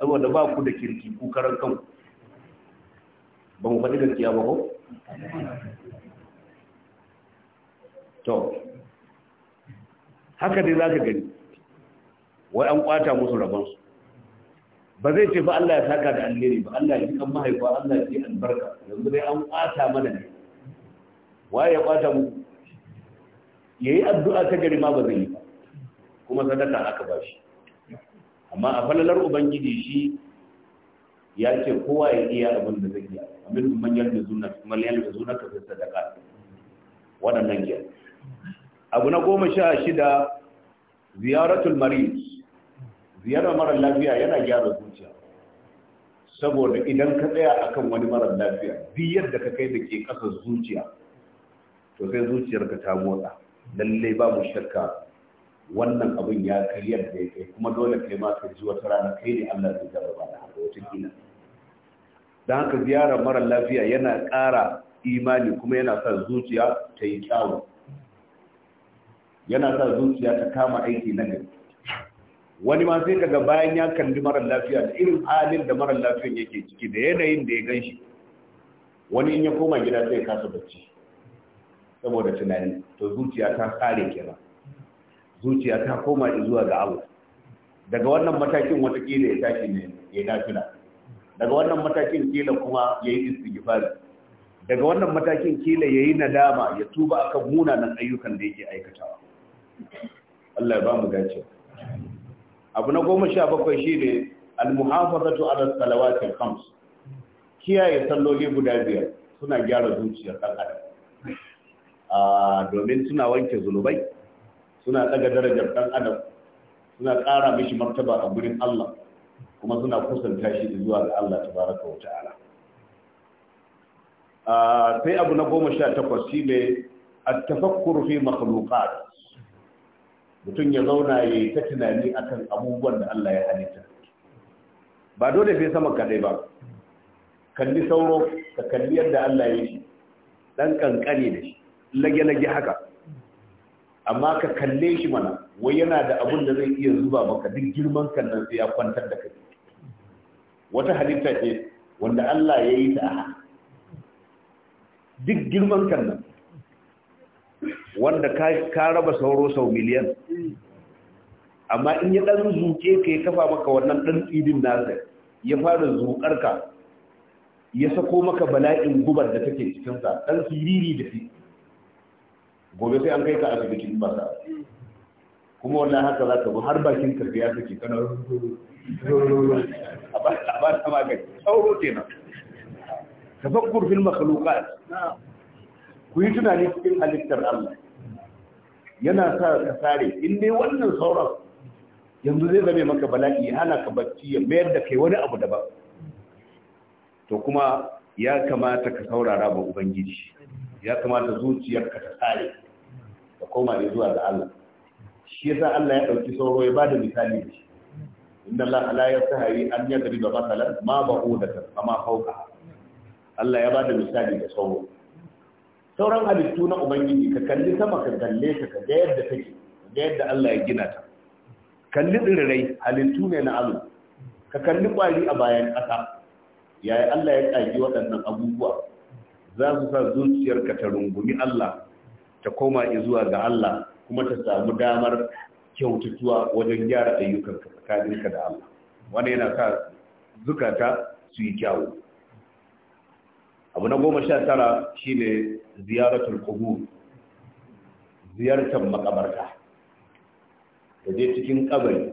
saboda ba ku da kirki ku karan kanku ba mu faɗi gaskiya ba ko to haka dai zaka gani wai an kwata musu rabon su ba zai ce ba Allah ya saka da alheri ba Allah ya ji kan mahaifa Allah ya ji albarka yanzu dai an kwata mana ne waye ya kwata mu yayi addu'a ta gari ma ba zai yi ba kuma sadaka aka ba shi amma a falalar ubangiji shi ya ce kowa ya iya abin da zai yi amin man da zuna man da zuna ka fi sadaka waɗannan ya abu na goma sha shida ziyaratul marid ziyarar marar lafiya yana gyara zuciya saboda idan ka tsaya akan wani mara lafiya ziyar da ka kai da ke ƙasa zuciya to sai zuciyarka ta motsa lallai mu shakka wannan abin ya karyar da ya kai kuma dole kai ma ka ji wata rana kai ne Allah zai jarraba da haka wata kina dan haka ziyarar marar lafiya yana ƙara imani kuma yana sa zuciya ta yi kyawu yana sa zuciya ta kama aiki na gari wani ma sai kaga bayan ya kalli mara lafiya da irin halin da mara lafiyan yake ciki da yanayin da ya gan shi wani in ya koma gida sai kasa bacci saboda tunani to zuciya ta tsare kira zuciya ta koma zuwa ga abu daga wannan matakin watakila ya tashi ne ya dafila daga wannan matakin kila kuma ya yi istighfari daga wannan matakin kila ya yi nadama ya tuba akan munanan ayyukan da yake aikatawa Allah ya ba mu dacewa abu na goma sha bakwai shi ne almuhafazatu ala salawatil khams kiyaye salloli guda biyar suna gyara zuciyar ɗan adam ah, domin suna wanke zunubai suna daga darajar ɗan adam suna ƙara mishi martaba a gurin Allah kuma suna kusanta shi zuwa ga Allah tabaraka wa ta'ala ah, sai abu na goma sha takwas shi ne at-tafakkur fi makhluqat mutum ya zauna ya yi ta tunani akan abubuwan da Allah ya halitta ba dole sai sama kadai ba kalli sauro ka kalli yadda Allah ya shi ɗan kankane da shi lage-lage haka amma ka kalle shi mana wai yana da abun da zai iya zuba maka duk girman kannan sai ya kwantar da kai wata halitta ce wanda Allah ya yi ta a duk girman kannan. wanda ka raba sauro sau miliyan amma in ya ɗan zuke ka ya kafa maka wannan ɗan idin nasa ya fara zuƙar ka ya sako maka bala'in gubar da take cikinsa ɗan siriri da fi gobe sai an kai ka cikin ba sa kuma wannan haka za ka har bakin karfe ya sake kana a ba ta magani sauro tafakkur fil makhluqat ku yi tunani cikin halittar Allah yana sa ka sare in dai wannan sauran yanzu zai zame maka bala'i hana ka bacci ya mayar da kai wani abu daban to kuma ya kamata ka saurara ba ubangiji ya kamata zuciyarka ta sare ka koma da zuwa ga Allah shi yasa Allah ya dauki sauro ya bada misali da shi inna Allah la yastahi an ba masalan ma ba'udatan kama hauka. Allah ya bada misali da sauro sauran halittu na ubangiji ka kalli sama ka kalle ka ga yadda take ga yadda Allah ya gina ta kalli tsirrai halittu ne na Allah ka kalli kwari a bayan ƙasa yaya Allah ya ƙaji waɗannan abubuwa za su sa zuciyarka ta rungumi Allah ta koma zuwa ga Allah kuma ta samu damar kyautatuwa wajen gyara ayyukanka tsakaninka da Allah wani yana sa zukata su yi kyawu abu na goma sha tara shi ne ziyaratul qubur ziyartar makabarta ka je cikin kabari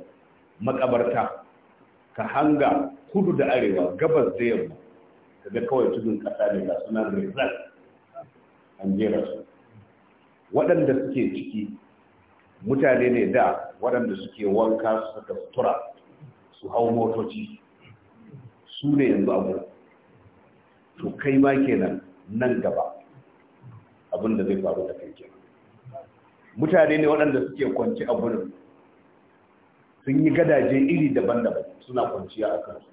makabarta ka hanga kudu da arewa gabas da yamma ka ga kawai tudun kasa ne ga suna rizal an jera su waɗanda suke ciki mutane ne da waɗanda suke wanka su saka su hau motoci su ne yanzu abu to kai ma kenan nan gaba abin da zai faru da kai kenan mutane ne waɗanda suke kwanci a gurin sun yi gadaje iri daban-daban suna kwanciya a kansu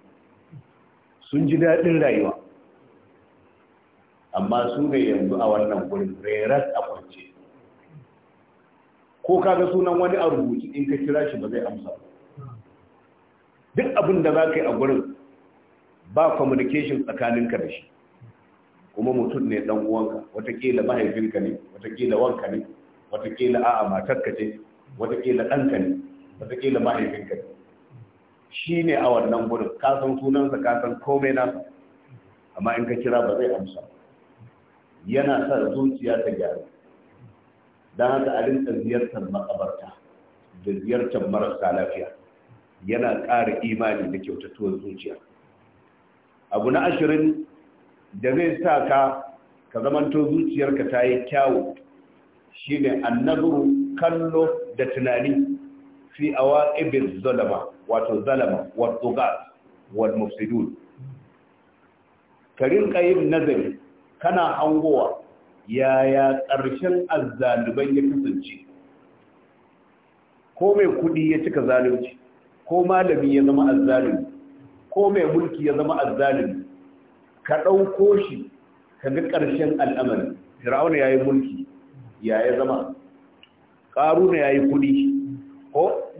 sun ji daɗin rayuwa amma su ne yanzu a wannan gurin rairar a kwance ko kaga sunan wani a rubuci in ka kira shi ba zai amsa ba duk abin da za ka yi a gurin ba communication tsakaninka da shi kuma mutum ne dan uwanka watakila mahaifinka ne watakila wanka ne watakila a'a matarka ce watakila ɗanka ne watakila mahaifinka ne shi ne a wannan gudun kasan sunansa kasan komai nasa amma in ka kira ba zai amsa yana sa zuciya ta gyaru don haka abin da ziyartar makabarta da ziyartar marasa lafiya yana ƙara imani da kyautatuwar zuciya abu na ashirin da zai sa ka ka zamanto zuciyarka ta yi kyawu shi ne kallo da tunani fi awa ibin zalama wato zalama wato gas wal mufsidun ka kayin yin nazari kana hangowa yaya ƙarshen azzaluban ya kasance ko mai kudi ya cika zalunci ko malami ya zama azzalumi ko mai mulki ya zama azzalimi ka ɗauko shi ka ga ƙarshen al'amari Firawuna ya yi mulki ya ya zama ƙaruna ya yi kuɗi ko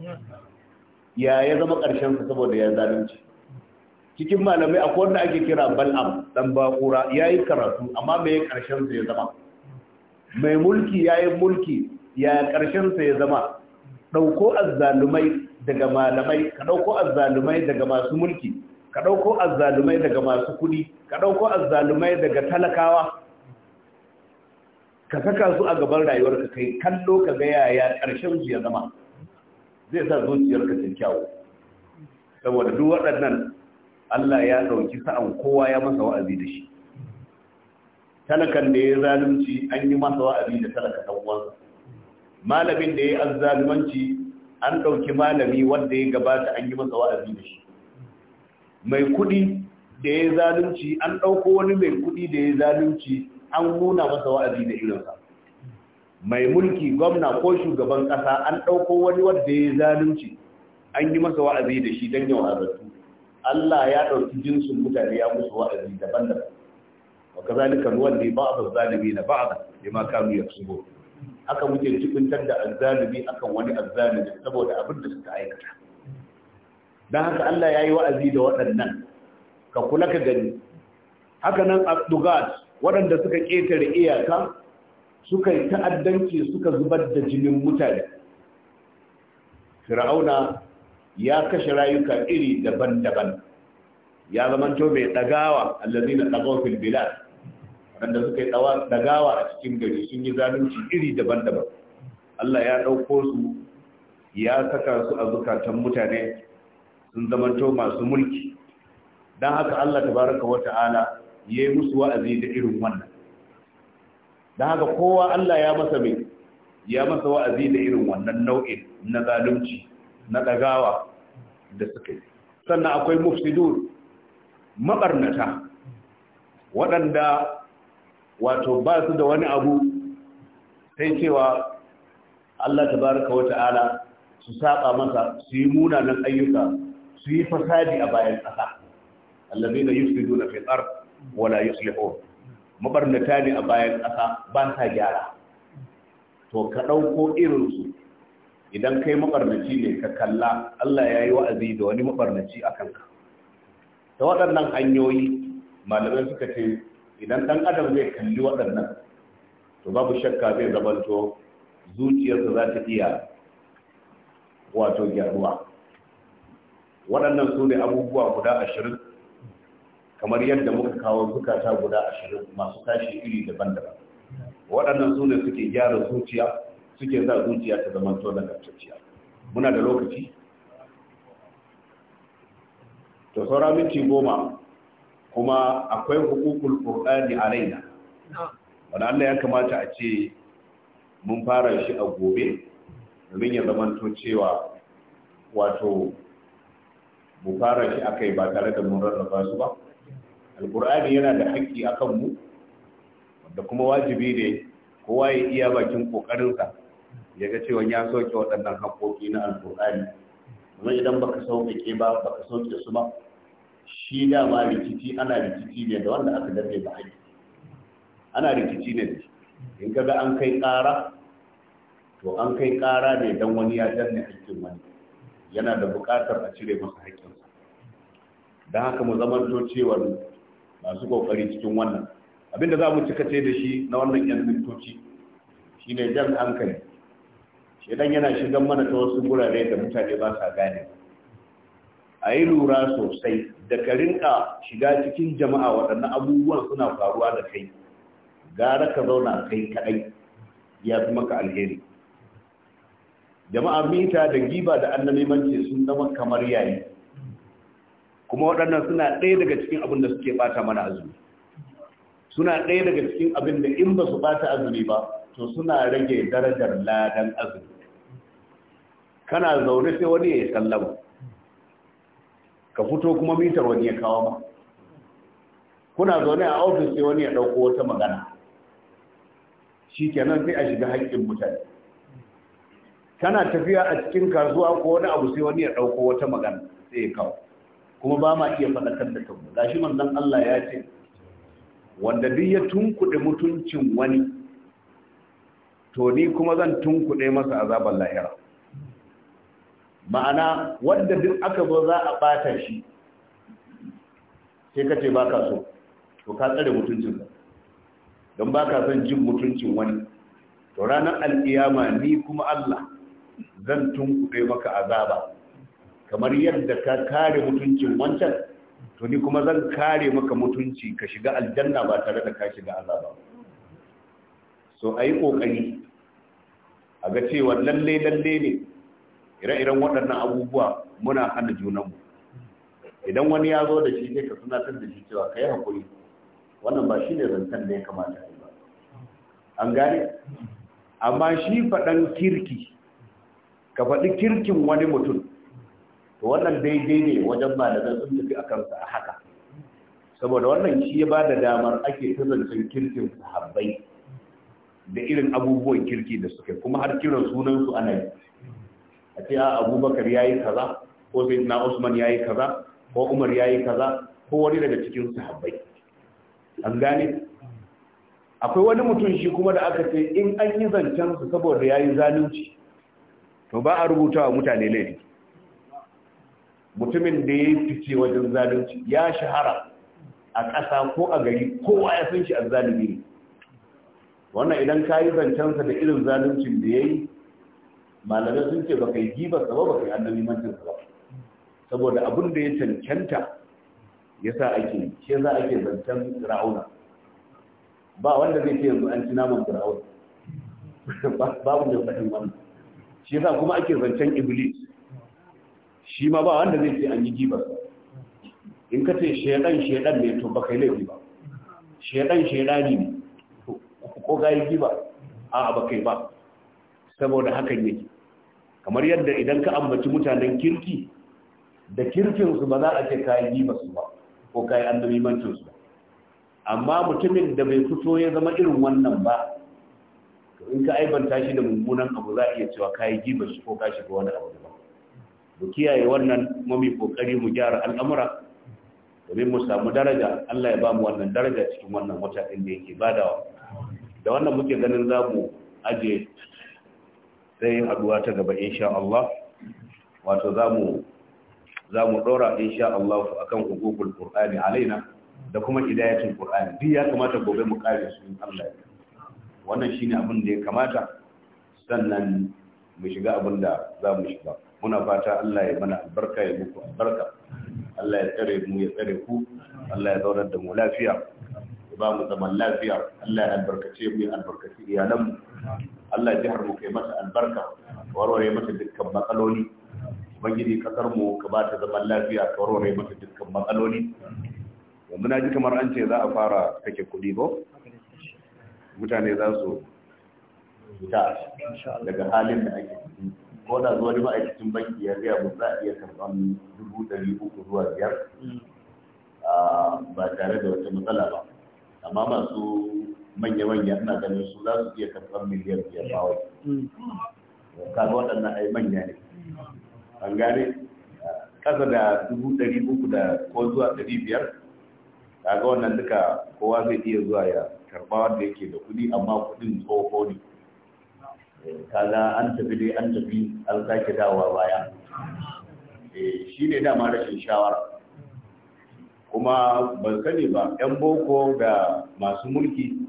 ya ya zama sa saboda ya zalunci cikin malamai akwai wanda ake kira bal'am dan bakura ya yi karatu amma mai sa ya zama mai mulki ya yi mulki ya sa ya zama ɗauko azzalumai daga malamai ka ɗauko azzalumai daga masu mulki ka ɗauko azzalumai daga masu kuɗi ka ɗauko azzalumai daga talakawa ka saka su a gaban rayuwarka kai kallo ka ga yaya ƙarshen su ya zama zai sa zuciyarka ta kyawu saboda duk waɗannan Allah ya ɗauki sa'an kowa ya masa wa'azi da shi talakan da ya zalunci an yi masa wa'azi da talaka dan uwansa malamin da ya azzalumanci an ɗauki malami wanda ya gabata an yi masa wa'azi da shi mai kuɗi da ya zalunci an ɗauko wani mai kuɗi da ya zalunci an nuna masa wa'azi da irinsa mai mulki gwamna ko shugaban ƙasa an ɗauko wani wanda ya zalunci an yi masa wa'azi da shi don yawan Allah ya ɗauki jinsin mutane ya musu wa'azi daban-daban wa kazalika nuwan ne ba'a zalimi na ba'a bima kanu yaksubu aka muke jibintar da azzalumi akan wani azzalumi saboda abin da suka aikata don haka Allah ya yi wa'azi da waɗannan ka kula ka gani haka nan abdugat waɗanda suka ƙetare iyaka suka yi ta'addanci suka zubar da jinin mutane fir'auna ya kashe rayuka iri daban-daban ya zamanto mai ɗagawa allazi na ɗagawa filbilas wanda suka yi dagawa a cikin gari sun yi zalunci iri daban-daban Allah ya ɗauko su ya saka su a zukatan mutane sun zamanto masu mulki don haka Allah tabaraka wa ta'ala ya yi musu wa'azi da irin wannan don haka kowa Allah ya masa mai ya masa wa'azi da irin wannan nau'in na zalunci na dagawa da suka yi sannan akwai mufsidun maɓarnata waɗanda wato ba su da wani abu sai cewa Allah ta Wa wata'ala su saba masa su yi munanan ayyuka su yi fasadi a bayan ƙasa allazina yufsiduna fil fitar wala yuslihun mabarnata ne a bayan ƙasa ba sa gyara to ka ɗauko su idan kai mabarnaci ne ka kalla Allah ya yi wa'azi da wani mabarnaci a kanka ta waɗannan hanyoyi malamai suka ce idan dan adam zai kalli waɗannan to babu shakka zai zamanto zuciyarsa za ta iya wato gyaruwa waɗannan su ne abubuwa guda ashirin kamar yadda muka kawo zukata guda ashirin masu tashi iri daban-daban waɗannan su ne suke gyara zuciya suke za zuciya ta zama to nagartacciya muna da lokaci to saura minti goma kuma akwai hukukul qur'ani alaina wanda Allah ya kamata a ce mun fara shi a gobe domin ya zamanto cewa wato mu fara shi akai ba tare da mun rarraba su ba alqur'ani yana da haƙƙi akan mu da kuma wajibi ne kowa ya iya bakin kokarinsa ya ga cewa ya soke waɗannan haƙoƙi na alqur'ani kuma idan baka sauƙaƙe ba baka sauke su ba shi dama rikici ana rikici ne da wanda aka dafe ba haƙi ana rikici ne da in ga an kai ƙara to an kai ƙara ne don wani ya danne haƙƙin wani yana da buƙatar a cire masa haƙƙinsa don haka mu zamanto cewar masu ƙoƙari cikin wannan abinda za mu cika ce da shi na wannan yan mintoci ne jan hankali shedan yana shigan mana ta wasu gurare da mutane ba sa gane ba a yi lura sosai da ka rinka shiga cikin jama'a waɗannan abubuwan suna faruwa da kai gara ka zauna kai kaɗai ya fi maka alheri jama'a mita da giba da annabimanci sun zama kamar yayi kuma waɗannan suna ɗaya daga cikin abin da suke ɓata mana azumi suna ɗaya daga cikin abin da in ba su ɓata azumi ba to suna rage darajar ladan azumi kana zaune sai wani ya yi sallama ka fito kuma mitar wani ya kawo ma kuna zaune a ofis sai wani ya ɗauko wata magana shi kenan sai a shiga haƙƙin mutane kana tafiya a cikin kasuwa ko wani abu sai wani ya ɗauko wata magana sai ya kawo kuma ba ma iya faɗakar da kanmu gashi manzon Allah ya ce wanda duk ya tunkuɗe mutuncin wani to ni kuma zan tunkuɗe masa azabar lahira ma'ana wanda duk aka zo za a bata shi sai ka ce ba so to ka tsare ka. don ba ka son jin mutuncin wani to ranar al'iyama ni kuma Allah zan tunkuɗe maka azaba kamar yadda ka kare mutuncin wancan to ni kuma zan kare maka mutunci ka shiga aljanna ba tare da ka shiga azaba so a yi ƙoƙari a ga cewa lalle lalle ne ire-iren waɗannan abubuwa muna hana junanmu idan wani ya zo da shi ne ka tunatar da shi cewa ka yi haƙuri wannan ba shi ne zantar da ya kamata a yi ba an gane amma shi faɗan kirki ka faɗi kirkin wani mutum to wannan daidai ne wajen ba da zan sun tafi a kansa a haka saboda wannan shi ya ba da damar ake ta zancen kirkin sahabbai da irin abubuwan kirki da suke kuma har kiran sunansu ana yi a ce a abubakar ya yi kaza ko sai na usman ya yi kaza ko umar ya yi kaza ko wani daga cikin sahabbai an gane akwai wani mutum shi kuma da aka ce in an yi zancen su saboda ya yi zalunci to ba a rubuta wa mutane laifi mutumin da ya fice wajen zalunci ya shahara a ƙasa ko a gari kowa ya san shi a zalunci ne wannan idan kayi yi zancensa da irin zaluncin da ya yi malamai sun ce baka yi gibar ba baka yi annabi mantin ba saboda abin da ya cancanta ya sa ake shi za ake zancen ra'auna ba wanda zai ce yanzu an ci naman fir'auna babu da faɗin wani shi yasa kuma ake zancen iblis shi ma ba wanda zai ce an yi gibar in ka ce shaidan shaidan ne to baka yi laifi ba shaidan shedani ne ko ga yi giba a baka yi ba saboda hakan yake kamar yadda idan ka ambaci mutanen kirki da kirkinsu ba za a ce kayi yi su ba ko kayi annabimancinsu ba amma mutumin da bai fito ya zama irin wannan ba in ka aibanta shi da mummunan abu za a iya cewa kayi giba shi ko ka shiga wani abu ba mu kiyaye wannan mami kokari mu gyara al'amura domin mu samu daraja Allah ya ba mu wannan daraja cikin wannan wata inda da yake badawa da wannan muke ganin za mu aje sai haduwa ta gaba insha Allah wato za mu ɗora insha Allah akan hukukul qur'ani alaina da kuma hidayatul ƙur'ani duk ya kamata gobe mu kare su in Allah ya wannan shine abin da ya kamata sannan mu shiga abin da za mu shiga muna fata Allah ya mana albarka ya muku albarka Allah ya tsare mu ya tsare ku Allah ya zaunar da mu lafiya ya ba mu zaman lafiya Allah ya albarkace mu ya albarkace iyalanmu Allah ya jihar mu kai mata albarka warware mata dukkan matsaloli ubangiji kasar mu ka ba ta zaman lafiya ka warware mata dukkan matsaloli yanzu na ji kamar an ce za a fara kake kuɗi ba mutane za su fita daga halin da ake ciki ko da zuwa ma'aikacin banki ya gaya mu za a iya karɓar dubu ɗari uku zuwa biyar ah, ba tare da wata matsala ba amma masu manya-manya ana ganin su za su iya karɓar miliyan biyar bawai kaga waɗannan ai manya ne an gane ƙasa da dubu ɗari uku da ko zuwa ɗari biyar kaga wannan duka kowa zai iya zuwa ya karɓa wanda yake da kuɗi amma kuɗin tsoho ne eh, kaga an tafi dai an tafi an sake dawowa baya eh, shi ne dama rashin shawara kuma ban sani ba yan boko ga masu mulki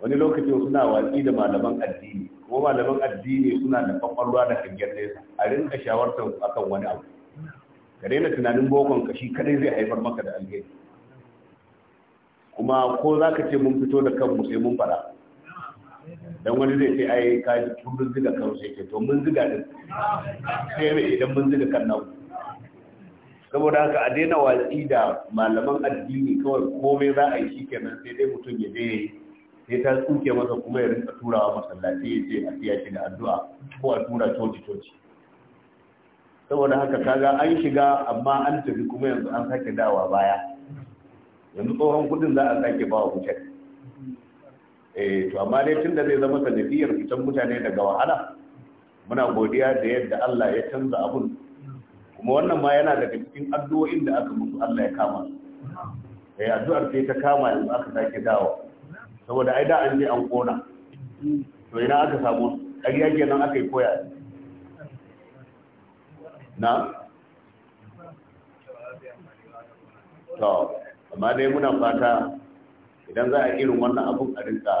wani lokacin suna watsi da malaman addini kuma malaman addini suna da kwakwalwa da hangen nesa a rinka shawartar akan wani abu ka daina tunanin bokon ka shi kadai zai haifar maka da alheri kuma ko za ka ce mun fito da kanmu sai mun fara don wani zai ce ai ka ji tun ziga kan sai ke to mun ziga din sai idan mun ziga kan naku saboda haka a daina watsi da malaman addini kawai komai za a yi shi kenan sai dai mutum ya je sai ta tsuke masa kuma ya rinka turawa masallaci ya ce a siya shi da addu'a ko a tura coci coci saboda haka kaga an shiga amma an tafi kuma yanzu an sake dawa baya yanzu tsohon kudin za a sake bawa wuce eh to amma dai tun da zai zama sanadiyar fitan mutane daga wahala muna godiya da yadda Allah ya canza abun kuma wannan ma yana daga cikin addu'o'in da aka musu Allah ya kama su eh addu'ar sai ta kama in aka sake dawo saboda ai da an je an kona to ina aka samu ƙarya kenan aka yi koya na to amma dai muna fata idan za a irin wannan abun a rinka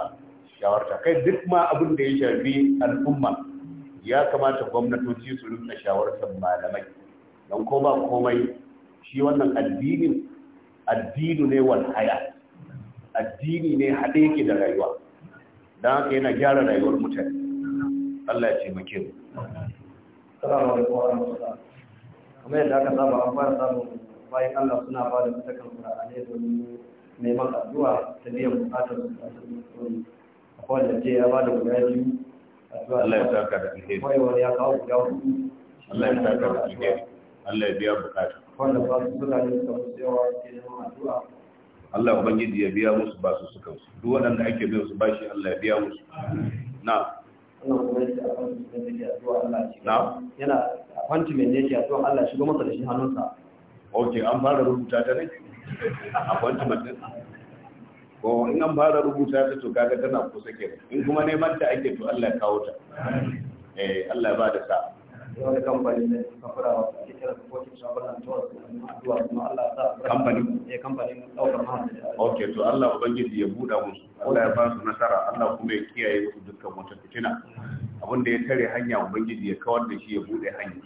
shawarta kai duk ma abin da ya shafi al'umma ya kamata gwamnatoci su rinka shawartar malamai don ko ba komai shi wannan addinin addinu ne wal haya addini ne haɗe yake da rayuwa don haka yana gyara rayuwar mutane Allah ya ce muke mu salamu alaikum wa kamar yadda aka saba an fara samun bayan Allah suna ba da fitakar Qur'ani domin neman addu'a ta biyan bukatar su ta tsoro akwai wanda ce ya ba da guda biyu Allah ya saka da alheri. Wai wani ya kawo guda hudu. Allah ya saka da alheri. Allah ya biya bukata wanda ba su suna ne suka yawa ke addu'a Allah ubangiji ya biya musu ba su suka musu duk waɗanda ake biyan su bashi Allah ya biya musu na na yana appointment ne ke addu'a Allah shigo masa da shi hannunsa ok an fara rubuta ta ne a appointment ne ko in an fara rubuta ta to kaga tana kusa kenan in kuma neman ta ake to Allah ya kawo ta eh Allah ya ba da sa'a wani kamfani ne suka fura wa suke kira su kokin shagunan tawar su kuma Allah ya sa eh, to Allah ubangiji ya buɗa musu Allah ya ba su nasara Allah kuma ya kiyaye musu dukkan wata fitina abin da ya tare hanya ubangiji ya kawar da shi ya buɗe hanya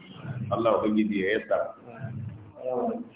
Allah ubangiji ya yasa